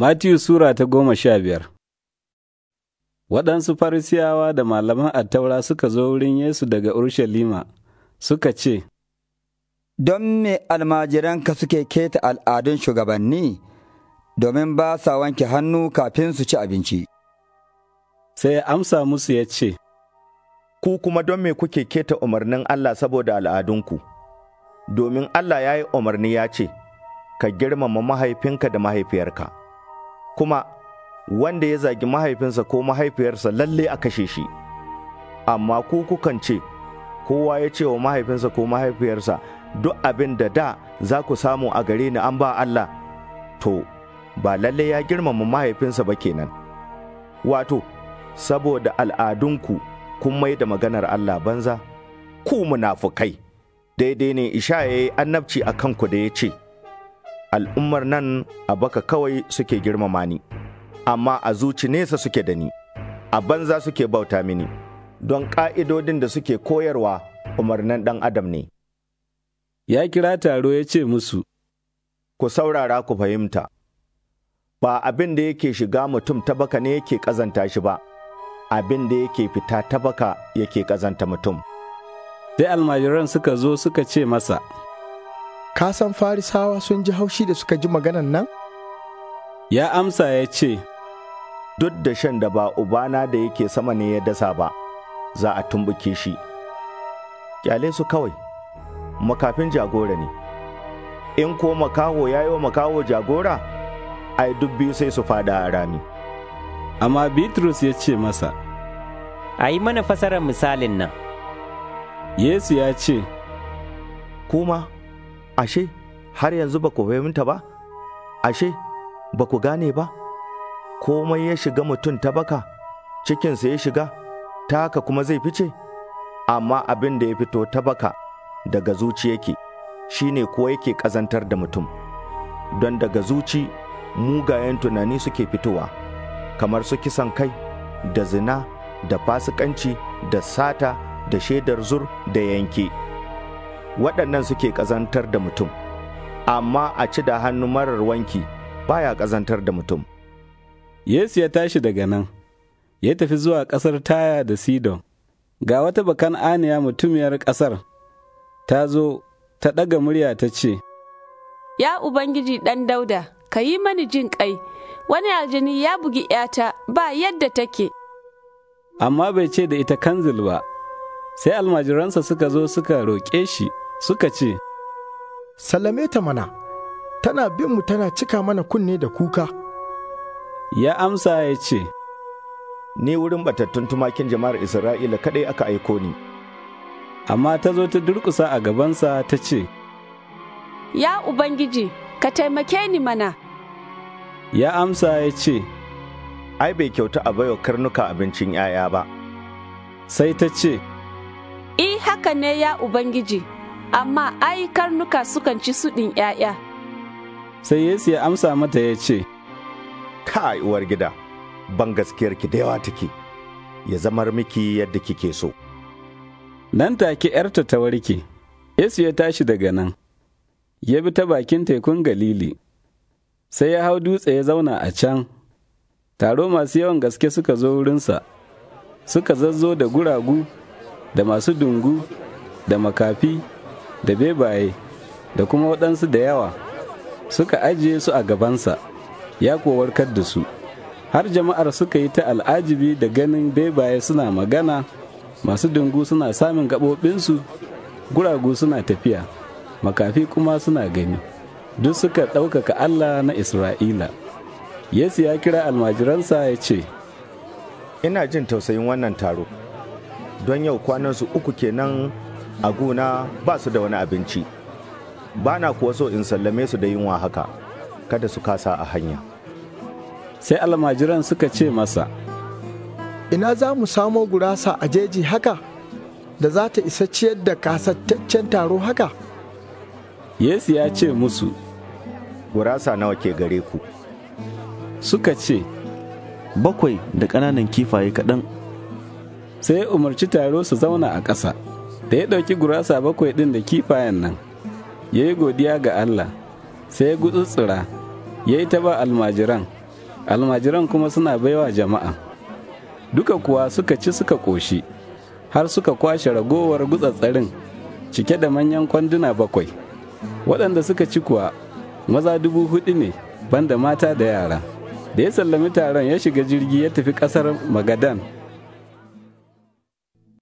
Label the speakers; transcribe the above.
Speaker 1: Matiyu Sura ta goma sha biyar Waɗansu farisiyawa da malaman attaura suka zo wurin Yesu daga Urushalima suka ce, Don me almajiranka suke keta al'adun shugabanni domin
Speaker 2: ba sa wanke hannu kafin su ci abinci. Sai ya amsa musu ya ce, Ku kuma don me kuke keta umarnin Allah saboda al'adunku, domin Allah ya yi umarni ya ce, Ka girmama mahaifinka da mahaifiyarka. kuma wanda ya zagi mahaifinsa ko mahaifiyarsa lalle a kashe shi amma ku kukan ce kowa ya ce wa mahaifinsa ko mahaifiyarsa duk abin da da za ku samu a gare ni an ba Allah to ba lalle ya girmama mahaifinsa ba kenan wato saboda al'adunku kun mai da maganar Allah banza ku munafukai daidai ne isha ya yi annabci a kanku da ya ce al'ummar nan a baka kawai suke girmama ni, amma a zuci nesa suke da ni, a banza suke bauta mini, don ƙa'idodin da suke koyarwa umarnan ɗan adam ne. Ya kira taro ya ce musu, Ku saurara ku fahimta, ba abin da yake shiga mutum tabaka ne yake ƙazanta shi ba, abin da yake fita tabaka yake ƙazanta mutum. Sai almajiran suka zo suka ce masa, ka san farisawa sun ji haushi da suka ji maganan nan? Ya amsa ya ce, Duk da shan da ba ubana da yake sama ne ya dasa ba, za a tumbuke shi. Kyale su kawai, makafin jagora ne. In ko makaho ya yi wa makaho jagora, ai duk biyu sai su fada a rami. Amma Bitrus ya ce masa,
Speaker 1: A yi mana fasarar misalin nan.
Speaker 2: Yesu ya ce, Kuma, ashe har yanzu ba ku fahimta ba ashe ba ku gane ba komai ya shiga mutum ta baka cikinsa ya shiga ta haka kuma zai fice amma abin da ya fito ta baka daga zuci yake shine ko yake ƙazantar da mutum don daga zuci mugayen tunani suke fitowa kamar su kisan kai da zina da fasikanci da sata da shaidar zur da yanke. waɗannan suke ƙazantar da mutum, amma a ci da hannu marar wanki baya ƙazantar da mutum. Yesu ya tashi daga nan, ya tafi zuwa ƙasar Taya da
Speaker 1: Sidon, ga wata bakan aniya mutumiyar ƙasar, ta zo ta ɗaga murya ta ce, Ya Ubangiji ɗan dauda, ka yi mani jin ƙai, wani aljini ya bugi ‘yata ba yadda take. Amma bai ce da ita kanzil ba, sai almajiransa suka zo suka roƙe shi suka ce,
Speaker 2: Salame ta mana, tana binmu tana cika mana kunne da kuka. Ya amsa ya ce, Ni wurin batattun tumakin jama'ar Isra'ila kaɗai aka aiko ni. Amma ta zo ta durƙusa a gabansa ta ce,
Speaker 1: Ya Ubangiji, ka taimake ni mana.
Speaker 2: Ya amsa ya ce, Ai, bai kyauta a baiwa karnuka abincin ‘ya'ya ba. Sai ta ce,
Speaker 1: I haka ne ya Ubangiji. amma ai karnuka sukan ci suɗin ‘ya'ya.
Speaker 2: Sai Yesu ya amsa mata ya ce, Ka uwar gida, ban gaskiyarki da yawa take, ya zamar miki yadda kike so. Nan take ‘yarta ta warke, Yesu ya tashi
Speaker 1: daga nan, ya bi ta bakin tekun Galili, sai ya hau dutse ya zauna a can, taro masu yawan gaske suka zo wurinsa, suka zazzo da guragu, da masu dungu, da makafi, da bebaye da kuma waɗansu da yawa suka ajiye su a gabansa ya kuwa warkar da su har jama'ar suka yi ta al'ajibi da ganin bebaye suna magana masu dungu suna samun gaɓoɓinsu guragu suna tafiya makafi kuma suna gani duk suka ɗaukaka allah na isra'ila
Speaker 2: yesu ya kira almajiransa ya ce ina jin tausayin wannan taro don yau kwanansu uku kenan a gona ba su da wani abinci ba na kuwa so in sallame su da yunwa haka kada su kasa a hanya sai almajiran suka ce masa ina za mu samo gurasa a jeji haka da za ta isa ciyar da kasattaccen taro haka yesu ya ce musu gurasa nawa ke gare ku suka ce bakwai da ƙananan kifaye kaɗan
Speaker 1: sai ya umarci taro su zauna a ƙasa da ya ɗauki gurasa bakwai ɗin da kifayen nan ya yi godiya ga Allah sai ya gutsutsura ya yi ta ba almajiran almajiran kuma suna baiwa jama'a duka kuwa suka ci suka ƙoshi har suka kwashe ragowar gutsatsarin cike da manyan kwanduna bakwai waɗanda suka ci kuwa maza dubu hudu ne banda mata da yara
Speaker 2: da ya sallami taron ya shiga jirgi ya tafi ƙasar magadan